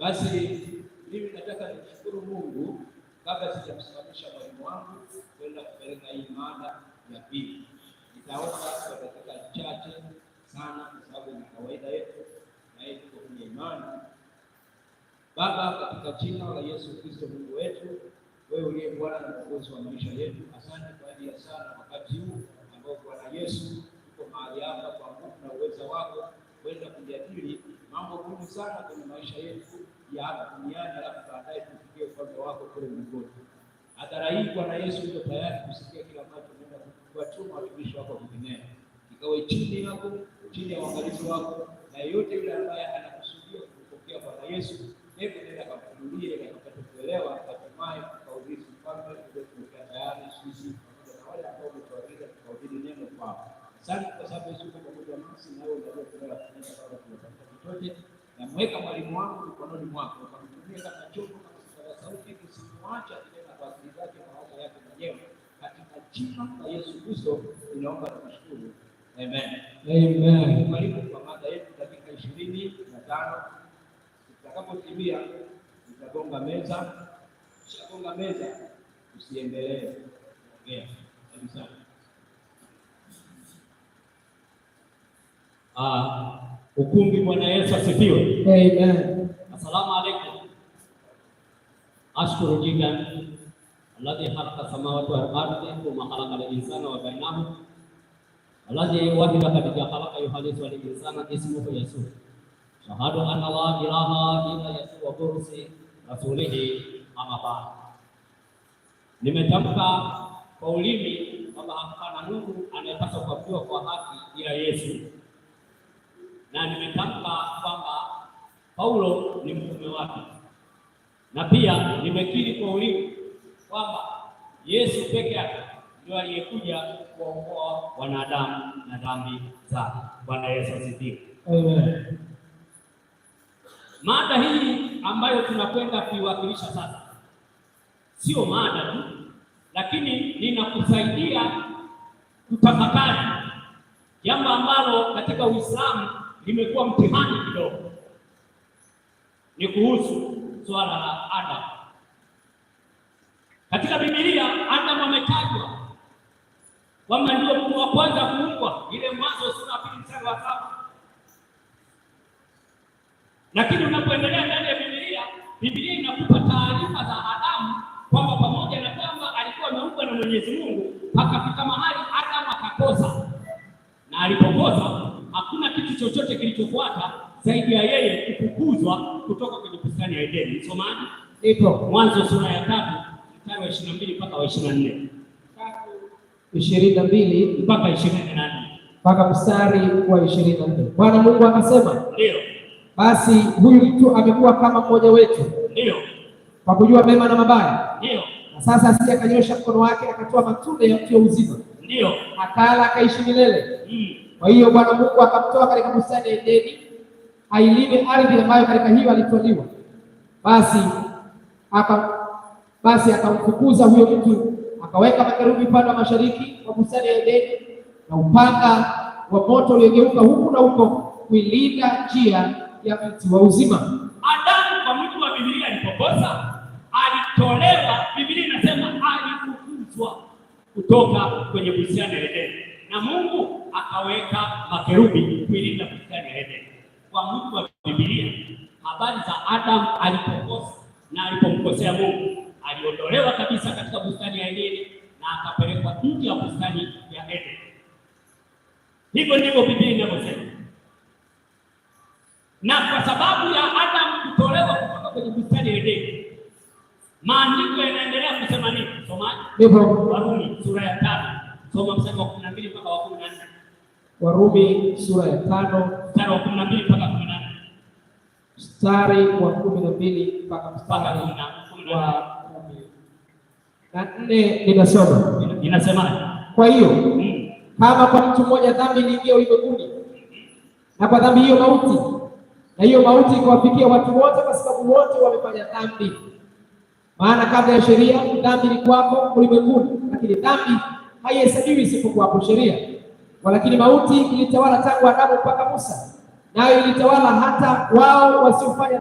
Basi mimi nataka nimshukuru Mungu kabla sijamsimamisha mwalimu wangu kwenda kupeleka hii mada ya pili. Nitaomba kwa dakika chache sana, kwa sababu ni kawaida yetu na yeye tuko kwenye imani. Baba, katika jina la Yesu Kristo Mungu wetu, wewe uliye Bwana na Mwokozi wa maisha yetu, asante kwa ajili ya sana wakati huu ambao Bwana Yesu uko mahali hapa kwa nguvu na uweza wako kwenda kujadili mambo muhimu sana kwenye maisha yetu ya hapa duniani, alafu baadaye tufikie ufalme wako kule mbinguni. Hadhara hii Bwana Yesu yuko tayari kusikia kila ambacho unaenda kuwatuma watumishi wako vingineo, ikawe chini yako, chini ya uangalizi wako, na yeyote yule ambaye anakusudia kupokea Bwana Yesu, hebu nenda kamfunulie na kapate kuelewa, hatimaye mfalme ufalme uliotuwekea tayari sisi pamoja na wale ambao umetuagiza tukahubiri neno kwao. Asante kwa sababu Yesu uko pamoja nasi, nawe unajua tunayotuaa tunatafuta chochote namweka mwalimu wangu mikononi mwako, ukamtumia kama chombo, kama kipaza sauti, usimwache akinena kwa akili zake, mawazo yake mwenyewe, katika jina la Yesu Kristo tunaomba na kushukuru, amen. Amen. Karibu kwa mada yetu dakika ishirini na tano. Tutakapotimia itagonga meza, tutagonga meza, usiendelee kuongea kabisa. Ah, ukumbi. Bwana Yesu asifiwe. Amen. Asalamu alaykum. Ashkuru jida alladhi khalaqa samawati wal ardi thumma khalaqa al-insana wa bainahu alladhi wahida katika khalaqa yuhalisi wal insana ismuhu Yusuf shahadu an la ilaha illa Yusuf wa kursi rasulihi ama ba'd. Nimetamka kwa ulimi kwamba hakuna Mungu anayepaswa kuabudiwa kwa haki ila Yesu na nimetamka kwamba Paulo ni mtume wake, na pia nimekiri kwa ulimi kwamba Yesu peke yake ndio aliyekuja kuokoa wanadamu na dhambi za Bwana Yesu asifiwe. Amen. Mada hii ambayo tunakwenda kuiwakilisha sasa sio mada tu, lakini ninakusaidia kutafakari jambo ambalo katika Uislamu imekuwa mtihani kidogo, ni kuhusu swala la Adamu. Katika Biblia adam ametajwa kwamba ndio mtu wa kwanza kuumbwa, ile Mwanzo sura ya pili mstari wa saba. Lakini unapoendelea ndani ya Biblia, Biblia inakupa taarifa za Adamu kwamba pamoja na kwamba alikuwa ameumbwa na Mwenyezi Mungu akafika chochote kilichofuata zaidi ya yeye kufukuzwa kutoka kwenye bustani ya Edeni. Somani ipo Mwanzo sura ya tatu mstari wa ishirini na mbili mpaka wa ishirini na nne ishirini na mbili mpaka ishirini na nne mpaka mstari wa ishirini na nne Bwana Mungu akasema, ndio basi huyu mtu amekuwa kama mmoja wetu, ndio kwa kujua mema na mabaya, ndio na sasa asije akanyosha mkono wake akatoa matunda ya mti wa uzima, ndio akala akaishi milele. mm. Kwa hiyo Bwana Mungu akamtoa katika bustani ya Edeni ailime ardhi ambayo katika hiyo alitwaliwa. Basi aka basi akamfukuza huyo mtu, akaweka makerubi upande wa mashariki wa bustani ya Edeni na upanga wa moto uliogeuka huku na huko kuilinda njia ya mti wa uzima. Adamu kwa mtu wa Biblia alipokosa, alitolewa. Biblia inasema alifukuzwa kutoka kwenye bustani ya Edeni. Mungu akaweka makerubi kuilinda bustani ya Edeni. Kwa mujibu wa Biblia, habari za Adam alipokosa na alipomkosea Mungu, aliondolewa kabisa katika bustani ya Edeni na akapelekwa nje ya bustani ya Edeni. Hivyo ndivyo Biblia inavyosema. Na kwa sababu ya Adam kutolewa kutoka kwenye bustani ya Edeni, maandiko yanaendelea kusema nini? Somaji Warumi sura ya tatu soma mstari wa kumi na mbili mpaka wa kumi na nne Warumi sura ya tano mstari wa kumi na mbili mpaka kumi na nne mstari wa kumi na mbili mpaka mpaka kumi na nne ninasoma inasema, kwa hiyo hmm. kama kwa mtu mmoja dhambi iliingia ulimwenguni, na kwa dhambi hiyo mauti, na hiyo mauti ikawafikia watu wote, kwa sababu wote wamefanya dhambi. Maana kabla ya sheria dhambi ilikuwako ulimwenguni, lakini dhambi haihesabiwi hapo sheria. Walakini mauti ilitawala tangu Adamu mpaka Musa, nayo ilitawala hata wao wasiofanya